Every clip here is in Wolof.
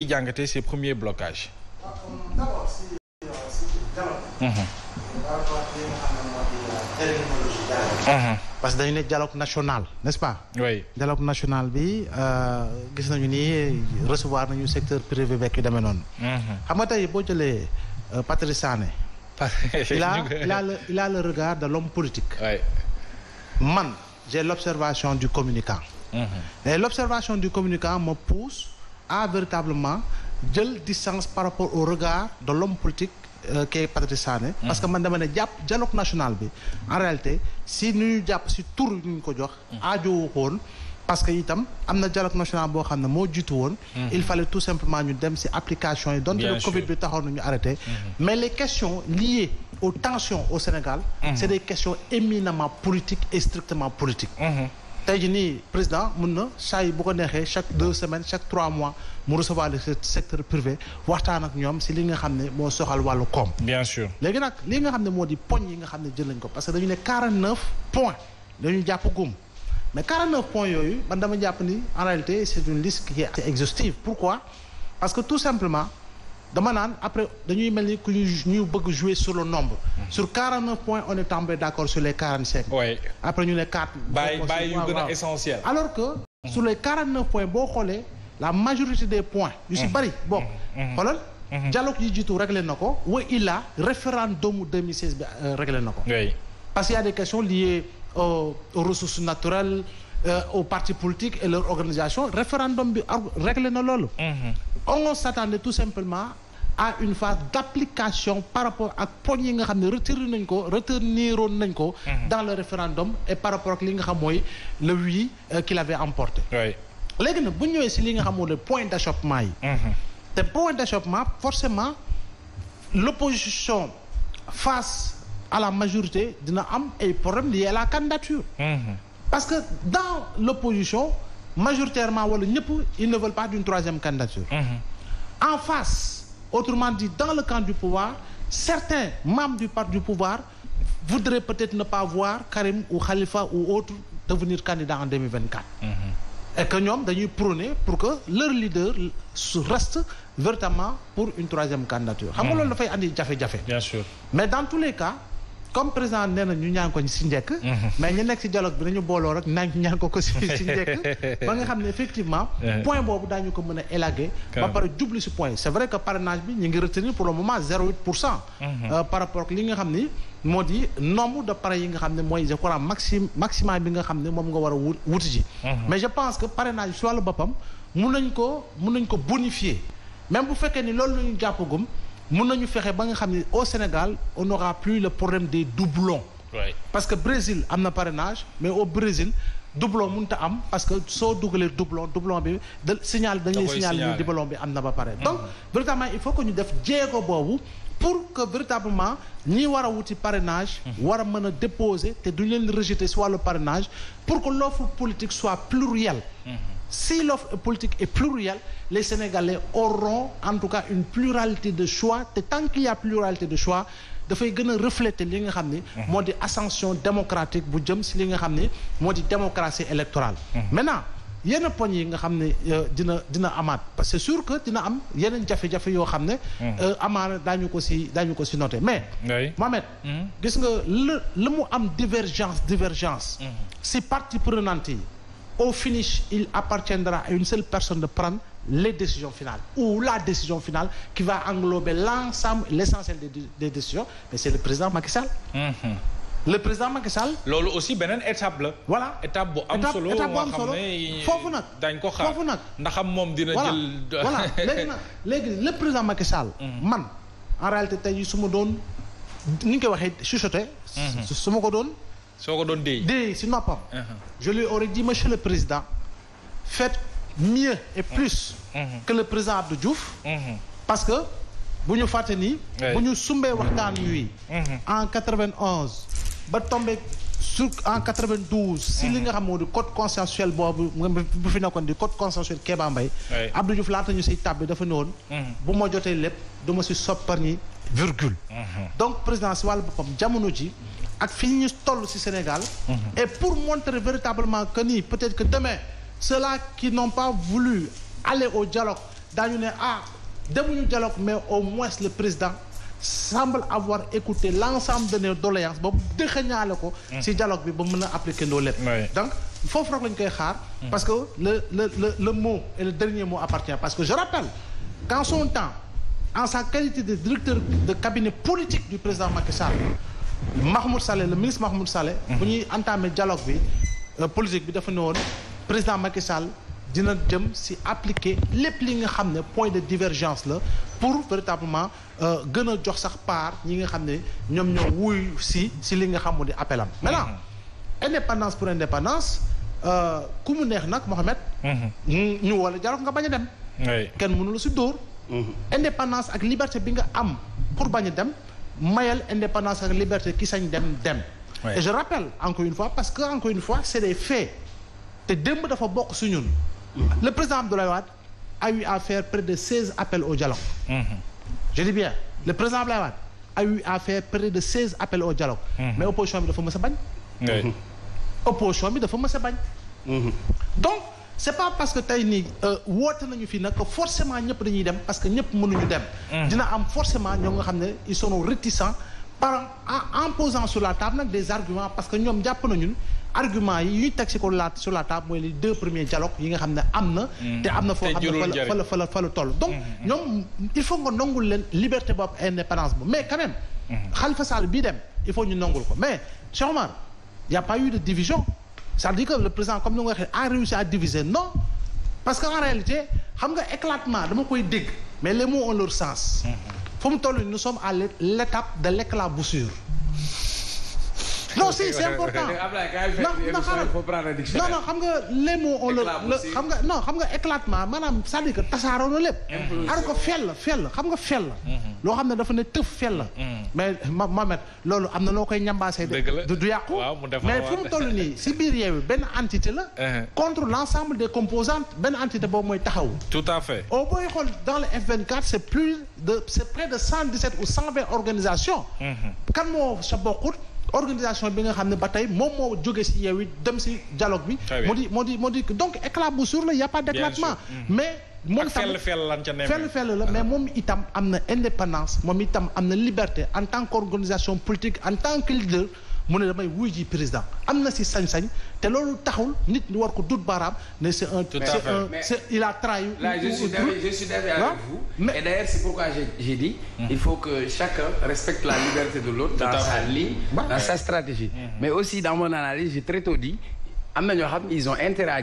di jàngatee ces premiers blocages. d'abord si si dialogue. parce que dañu ne dialogue national n'est-ce pas. oui dialogue national bi euh, gis nañu ni recevoir nañu secteur privé beeg yu demee noonu. Mhm. xam nga tey boo jëlee euh, Patrice Sané. il a il a regard de l'homme politique. man j'ai l'observation du communicant. Mhm. l'observation du communicant me pousse. a véritablement jël distance par rapport au regard de l'homme politique kii euh, Patrice mm. parce que man dama ne jàpp dialogue nationale bi en réalité si ñu jàpp si tur ñu ko jox mm. aajowu woon parce que itam am na dialogue national boo xam ne moo jiitu woon mm. il fallait tout simplement ñu dem si application yi donte le Covid bi taxoon nañu arrêté mm-hmm. mais les questions liées aux tensions au Sénégal mm-hmm. c'est des questions éminemment politiques et strictement mm-hmm. tey ji nii président mun na saa yi bu ko neexee chaque deux semaines chaque trois mois mu recevoir le secteur privé waxtaan ak ñoom si li nga xam ne moo soxal wàllu koom. bien léegi nag li nga xam ne moo di poñ yi nga xam ne jël nañ ko parce que dañu ne 49 points dañu jàpp gum mais 49 points yooyu man dama jàpp ni en réalité c' est une liste qui exhaustive pourquoi parce que tout simplement. dama naan après dañuy mel ni ku ñu bëgg jouer sur le nombre. Mhm. sur 49 points on est tombé d'accord sur les 45. oui après ñu alors que mhm. sur les 49 points boo xoolee la majorité des points. yu si mhm. bari bokk. xoolal. dialogue yi jiitu réglé na ko. wa illa référendum 2016 bi euh, réglé na ko. oui parce que y a des questions liées aux ressources naturelles euh, aux partis politiques et leur organisation référendum bi réglé na loolu. on s'attendait tout simplement à une phase d'application par rapport ak poñ yi nga xam ne retiré nañ ko reteniroon nañ ko mhm. dans le référendum et par rapport ak li nga xamooy mooy le oui euh, qu'il avait emporté léegi nag bu ñëwee si li nga xam mooy le point d'achoppement yi mhm. te point d'achoppement forcément l'opposition face à la majorité dina am ay problèmes liés à la candidature mhm. parce que dans l'opposition majoritairement wala ñëpp ils ne veulent pas d'une troisième candidature mhm. en face autrement dit dans le camp du pouvoir certains membres du parti du pouvoir voudraient peut-être ne pas voir Karim ou Khalifa ou autre devenir candidat en 2024 mmh. et que ñoom dañuy prôner pour que leur leader su reste véritablement pour une troisième candidature xam nga mhm. loolu dafay andi jafe-jafe bien sûr mais dans tous les cas comme président nee na ñu ñaan ko si njëkk. Mhm. mais ñu nekk si dialogue bi nañu booloo rek nañ ñaan ko ko si ba nga xam ne effectivement. Mhm. point boobu daañu ko mën a élaguer. ba pare jublu si point c' est que parrainage bi ñu ngi retenir pour le moment 0,8 pour cent. Mhm. Euh, par rapport li nga xam ni moo di nombre de parrain yi nga xam ne mooy je crois maxi bi nga xam ne moom nga war a wuti ji. mais je pense que parrainage si wàllu boppam mun nañ ko mun nañu fexe ba nga xam ne au Sénégal on n'aura plus le problème des doublons. Ouais. parce que Brésil am na parrainage mais au Brésil doublon mënut a am parce que soo dugalee doublon doublon bi da signal dañuy signal ni doublon bi am na ba pare. Mm. donc véritablement il faut que ñu def jéego boobu. pour que véritablement ñi war a wuti parrainage. Mm. war a mën a déposer te duñ leen rejeter si wàllu parrainage pour que l'offre politique soit plurielle. Mm si l'offre politique est plurielle les Sénégalais auront en tout cas une pluralité de choix te tant qu'il y pluralité de choix dafay gën a refléter li nga xam ni mhm. moo di ascension démocratique bu jëm si li nga xam ni moo di démocratie électorale mhm. maintenant yenn poñ yi nga xam ne euh, dina dina amaat parce que sur que dina am yeneen jafe-jafe yoo xam ne mhm. euh, amaana daañu ko si daañu ko si noté mais Mohamed gis nga la la mu am divergence divergence si partie prenante yi au finish il appartiendra à une seule personne de prendre les décisions finales ou la décision finale qui va englober l'ensemble l'essentiel des, des décisions mais c'est le président Macky Sall mm le président Macky Sall. loolu aussi beneen étape la. voilà étape bu am solo étape foofu nag. dañ ko xaar foofu nag. ndax moom dina jël. voilà léegi léegi le président Macky Sall. Mhm. man en réalité tey su ma doon ni ñu koy waxee chuchoté. Mhm. su ma ko doon. soo ko doon déy déy si noppam uh-huh. je lui aurais dit monsieur le président faites mieux et uh-huh. plus uh-huh. que le président Abdou Diouf parce que bu ñu fàtte nii bu ñu sumbee waxtaan yuy en 91 ba tombé sur en 92 si li nga xam moo di code consensuel boobu bu fi nekkoon di code consensuel Kéba Mbaye Abdou Diouf laata ñu siy tàbbi dafa ne woon bu ma jotee lépp du ma si soppar ñi virgule donc président si wàllu boppam jamono ji ak fi ñu toll ci Sénégal. Mhm. et pour montrer véritablement que nii peut-être que demain ceux-là qui n'ont pas voulu aller au dialogue daañu ne ah demuñu dialogue mais au moins le président semble avoir écouté l'ensemble de nos doléances ba dëxëñaale ko. Mhm. ci dialogue bi ba mën a appliquer ndoo donc foofu rek lañ koy xaar. Mhm. parce que le le le le mot et le dernier mot appartient parce que je rappelle qu'en son temps en sa qualité de directeur de cabinet politique du président Macky Mahmoud Saleh le ministre Mahmoud Saleh. Mhm. bu ñuy entamé dialogue bi euh, politique bi dafa ne woon président Macky Sall dina jëm si appliquer lépp li nga xam ne point de divergence la pour véritablement euh, gën a jox sax part ñi nga xam ne ñoom ñoo wuy si si li nga xam mu di appel am. Mhm. maintenant indépendance pour indépendance euh, ku mu neex nag Mohamed. Mhm. ñu wala dialogue nga bañ a dem. kenn mënu la si dóor. indépendance ak liberté bi nga am pour bañ a dem. mayal indépendance ak liberté ki sañ dem dem. et je rappelle encore une fois parce que encore une fois c'est des faits te démb dafa bokk su ñun. Mm-hmm. le président Abdoulaye Wade a eu à près de seize appels au dialogue. Mm-hmm. je dis bien le président Abdoulaye Wade a eu à près de seize appels au dialogue. Mm-hmm. mais opposition bi dafa mës a bañ. opposition bi dafa mës a bañ. donc. c'est pas parce que tey nii euh, woote nañu fii nag que forcément ñëpp dañuy dem parce que ñëpp mënuñu dem. Mm. dina am forcément ñoo nga xam ne ils sont réticents par en posant sur la table nag des arguments parce que ñoom jàpp nañu argument yi yuy teg si ko la sur la table mooy xam ne am na. Mm. te am na foo xam ne fa la fa la toll. donc mm-hmm. ñoom il faut nga nongul leen liberté boobu indépendance boobu mais quand même. Mm-hmm. Khalifa Sall bii dem il faut ñu nongul ko mais Cheikh Omar y a pas eu de division. ça dit que le président comme ni nga ko waxee à diviser non parce que en réalité xam nga éclatement dama koy dégg mais les mots ont leur sens mm-hmm. fu mu toll nous sommes à l'étape de l'éclaboussure non si c'est important xam nga les mots xam nga non xam nga éclatement maanaam c'est-à-dire que tasaaroo na lépp ar ko fell xam nga fell mhm. loo xam ne dafa ne tëf fell mhm. mais Mohamed loolu am na loo koy ñambaasee de du yàqu mais fu mu nii si biir yeewi benn entité la mhm. contre l'ensemble des composantes benn entité boobu mooy taxaw tout à fait au oh, booy xool dans le F24 c'est plus de cent près de 117 ou 120 organisations kan moo sa bokkut organisation bi nga xam ne ba tey moom moo jóge si yeew yi dem si dialogue bi moo di moo di moo di donc éclaboussure la y a pas d'éclatement mm-hmm. mais moom tam fell fell la mais ah. moom itam am na indépendance moom itam am na liberté en tant organisation politique en tant que leader mu ne damay wuy ji président am na si sañ-sañ te loolu taxul nit ñu war ko dut baaraam ne c'est un c'est il a trahi avec vous mais et d'ailleurs c'est pourquoi j'ai dit il faut que chacun respecte la liberté de l'autre dans sa ligne dans stratégie mais aussi dans mon analyse j'ai très tôt dit am na ñoo xam ils ont intérêt à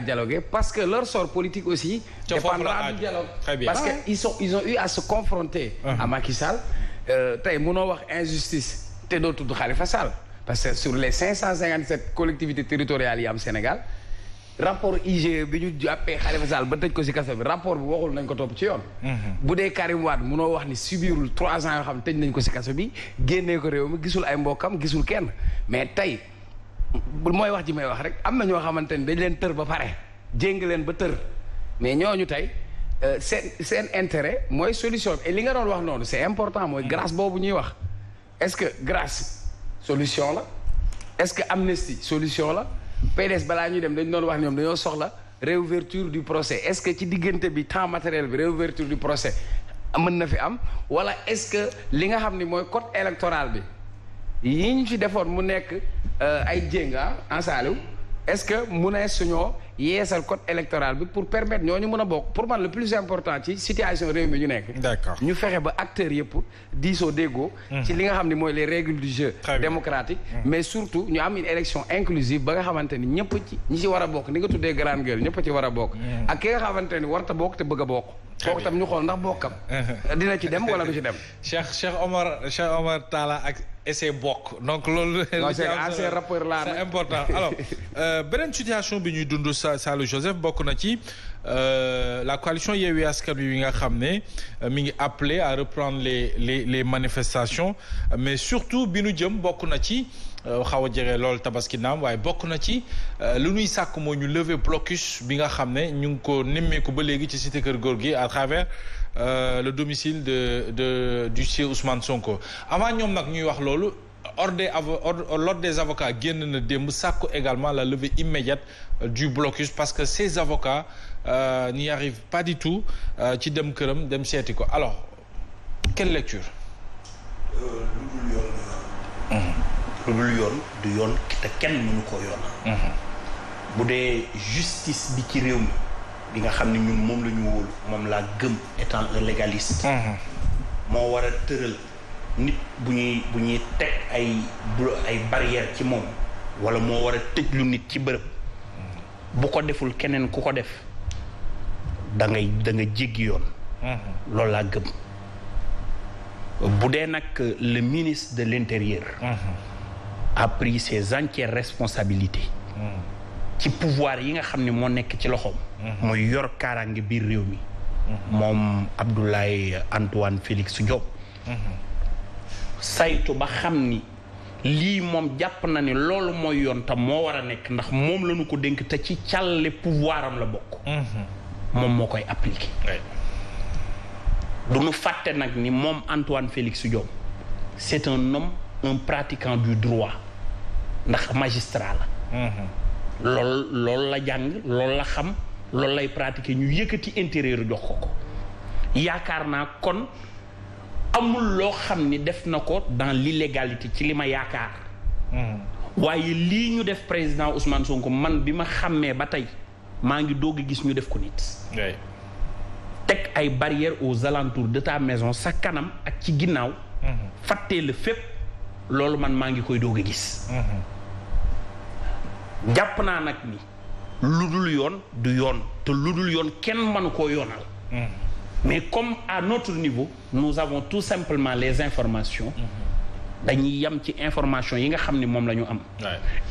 parce que leur sort politique aussi dépendra du dialogue parce que ils sont ils ont eu à se confronter à Macky Sall euh, tey mënoo wax injustice te doo tudd Khalifa Sall parce que sur les cinq collectivités territoriales yi am Sénégal rapport IGE bi ñu jàppee Khalifa Sall ba tëj ko si kaso bi rapport bi waxul nañ ko topp ci yoon. Mhm. bu dee Karim Wade munoo wax ni subirul trois ans yoo xam tëj nañ ko ci kaso bi génnee ko réew mi gisul ay mbokkam gisul kenn mais tey mooy wax ji may wax rek am na ñoo xamante ni dañ leen tër ba pare jéng leen ba tër mais ñooñu tey euh, seen seen intérêt mooy solution li nga doon wax noonu c'est important mooy grâce boobu ñuy wax est-ce que grâce. solution la est-ce que amnistie solution la PDS balaa ñu dem dañ doon wax ñoom dañoo soxla réouverture du procès est-ce que ci diggante bi temps matériel bi réouverture du procès mën na fi am wala est-ce que li nga xam ni mooy code électorale bi yi ñu fi defoon mu nekk euh, ay jénga ah, en est-ce que mun a suñoo yeesal code électoral bi pour permettre ñu mun a bokk pour man le plus important ci situation réew mi ñu nekk. d'accord ñu fexe ba acteurs yëpp diisoo déggoo. ci li nga xam ne mooy les règles du jeu. démocratique mais surtout ñu am une élection inclusive ba nga xamante ni ñëpp ci ñi ci war a bokk ni nga tuddee grande gueule ñëpp ci war a bokk. ak ki nga xamante ni warta bokk te bëgg a kooku tam ñu xool ndax bokkam dina ci dem wala du ci dem Cheikh Cheikh Omar Cheikh Omar Talla ak essai bokk donc loolu c'est rapport là c'est important alors euh, beneen situation bi ñuy dund sa Saalum Joseph bokk na ci euh, la coalition Yewwi Askan Wi nga xam ne euh, mi ngi appelé à reprendre les les les manifestations mais surtout bi nu jëm bokk na ci Euh, xaw a jege loolu tabaski naam waaye bokk na ci euh, lu nuy sàkk moo ñu lever blocus bi nga xam ne ñu ngi ko nemmeeku ba léegi ci cité kër góor gi à travers euh, le domicile de de du sieur Ousmane Sonko avant ñoom nag ñuy wax loolu ordre des avo l'ordre des avocats génn na démb sàkku également la levée immédiate du blocus parce que ces avocats euh, n'y arrivent pas du tout ci dem këram dem seeti ko alors quelle lecture. lu dul yoon du yoon te kenn mënu koo yoon mhm. bu dee justice bi ci réew mi bi nga xam ne ñun moom la wóolu moom laa gëm étant un légaliste mhm. moo war a tëral nit bu ñuy bu ñuy teg ay ay barrière ci moom wala moo war a tëj lu nit ci bërëb mhm. bu ko deful keneen ku ko def da ngay da nga yoon loolu laa gëm bu dee nag le ministre de l'intérieur a pris ses entières responsabilités ci pouvoir yi nga xam ne moo nekk ci loxoom muy yor kaaraange biir réew mi moom Abdoulaye Antoine Félix Diop saytu ba xam ni lii moom jàpp na ni loolu mooy yoon tam moo war a nekk ndax moom la ko dénk te ci càlle pouvoiram la bokk moom moo koy appliqué du ñu fàtte nag ni moom Antoine Félix Diome c'est un homme un pratiquant du droit ndax magistrat la mm-hmm. lool la jàng loolu la xam loolu lay pratiquer ñu yëkkati intérieur jox ko ko yaakaar naa kon amul loo xam ni def na ko dans l'illégalité ci li ma yaakaar mm-hmm. waaye lii ñu def président Ousmane Sonko man bi ma xàmmee ba tey maa ngi doog gis ñu def ko nit teg ay barrières aux alentours de ta maison sa kanam ak ci ginnaaw mm-hmm. fàttee la fépp loolu man maa ngi koy doog gis jàpp naa nag ni lu dul yoon du yoon te lu dul yoon kenn mënu koo yoonal mm-hmm. mais comme à notre niveau nous avons tout simplement les informations mm-hmm. dañuy yem ci information yi nga xam ni moom la am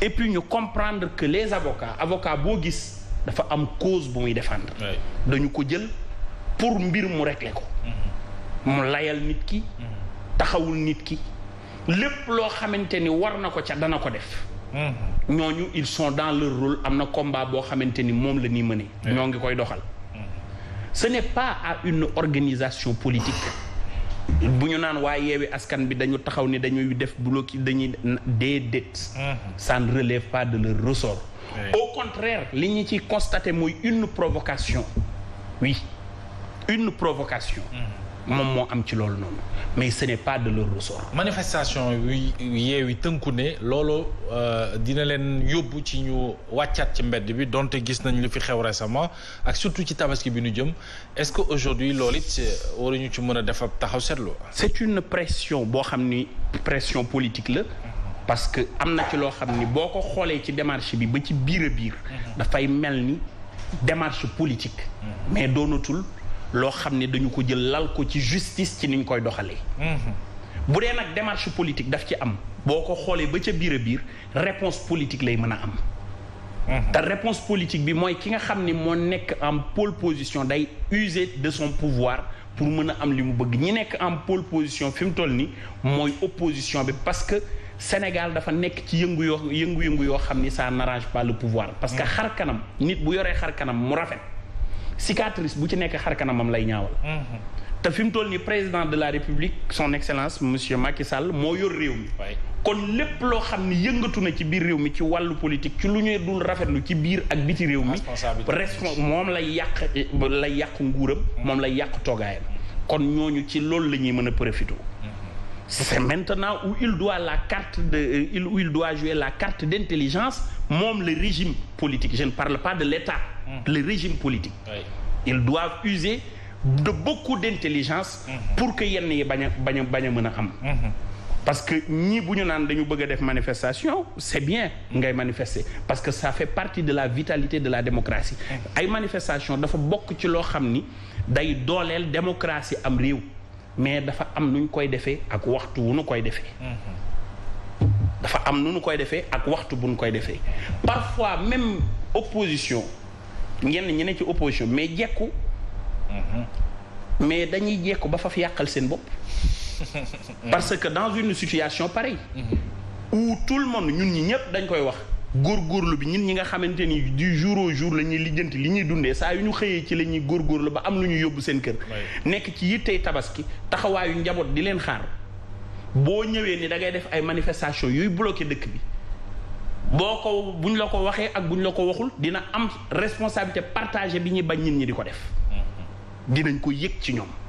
et puis ñu comprendre que les avocats avocats boo gis dafa am cause bu muy défendre dañu ko jël pour mbir mu régler ko mm-hmm. mu layal nit ki taxawul nit ki lépp loo xamante ni war na ko ca dana ko def ñooñu ils sont dans leur rôle am na combat boo xamante ni moom la ñuy mëne ñoo ngi koy doxal ce n'est pas à une organisation politique bu ñu naan waa yeewi askan bi dañu taxaw ni dañuy def bloqué dañuy déedéet ça ne relève pas de leur ressort au contraire li ñu ci constaté mooy une provocation oui une provocation moom moo am ci loolu noonu mais ce n'est pas de leur ressort. manifestation yeewi tënku ne loolu euh, dina leen yóbbu ci ñu wàccaat ci mbedd bi donte gis nañ lu fi xew récemment ak surtout ci tabaski bi nu jëm est-ce que aujourd'hui lool it euh, waruñu ci mën a def ab taxaw seetlu. c'est une pression boo xam ni pression politique la. parce que am na ci loo xam ni boo ko xoolee ci démarche bi ba ci biir a biir. Mhm. dafay mel ni démarche politique. Mhm. mais doonatul. loo xam ne dañu ko jël lal ko ci justice ci niñ koy doxalee. Mhm. bu dee nag démarche politique daf ci am boo ko xoolee ba ca biir biir réponse politique lay mën a am. Mhm. te réponse politique bi mooy ki nga xam ni moo nekk en pole position day user de son pouvoir pour mën a am li mu bëgg ñi nekk en pole position fi mu toll ni mooy opposition bi parce que Sénégal dafa nekk ci yëngu yoo yëngu-yëngu yoo xam ni ça n'arrange pas le pouvoir parce que mhm. xar kanam nit bu yoree xar kanam mu rafet cicatrice bu ci nekk xar kanamam lay ñaawal. Mhm. te fi mu toll nii président de la république son excellence monsieur Macky Sall moo yor réew mi. kon lépp loo xam ni yëngatu na ci biir réew mi ci wàllu politique ci lu ñuy dul lu ci biir ak biti réew mi. responsable moom lay yàq lay yàq nguuram. Mhm. moom lay yàq toogaayam. kon ñooñu ci loolu la ñuy mën a profité. Mhm. c'est maintenant où il doit la carte de euh, où il doit jouer la carte d'intelligence moom le régime politique je par parle pas de l'État. Mm-hmm. le régime politique ils doivent user de beaucoup d'intelligence mm-hmm. pour que yenn yi bañ a bañ a bañ mën a am mm-hmm. parce que ñii bu ñu naan dañu bëgg a def manifestation c'est bien ngay manifester parce que ça fait partie de la vitalité de la démocratie ay manifestation dafa bokk ci loo xam ni day dooleel démocratie am réew mais dafa am nu ñu koy defee ak waxtu wu nu koy defee dafa am nu nu koy defee ak waxtu bu nu koy defee parfois même opposition ñenn ñi ne ci opposition mais jekku mm-hmm. mais dañuy jekku ba faf yàqal seen bopp parce que dans une situation pareille mm-hmm. où tout le monde ñun ñi ñëpp dañ koy wax góor góorlu bi ñun ñi nga xamante ni du jour au la ñuy lijjanti li ñuy dundee saa yu ñu xëyee ci la ñuy góorlu ba am lu ñu yóbbu seen kër nekk ci yittey tabaski taxawaayu njaboot di leen xaar boo ñëwee ni da ngay def ay manifestation yuy bloqué dëkk bi boo ko bu ñu la ko waxee ak buñ la ko waxul dina am responsabilité partagée bi ñuy bañ nit ñi di ko def mm-hmm. dinañ ko yëg ci ñoom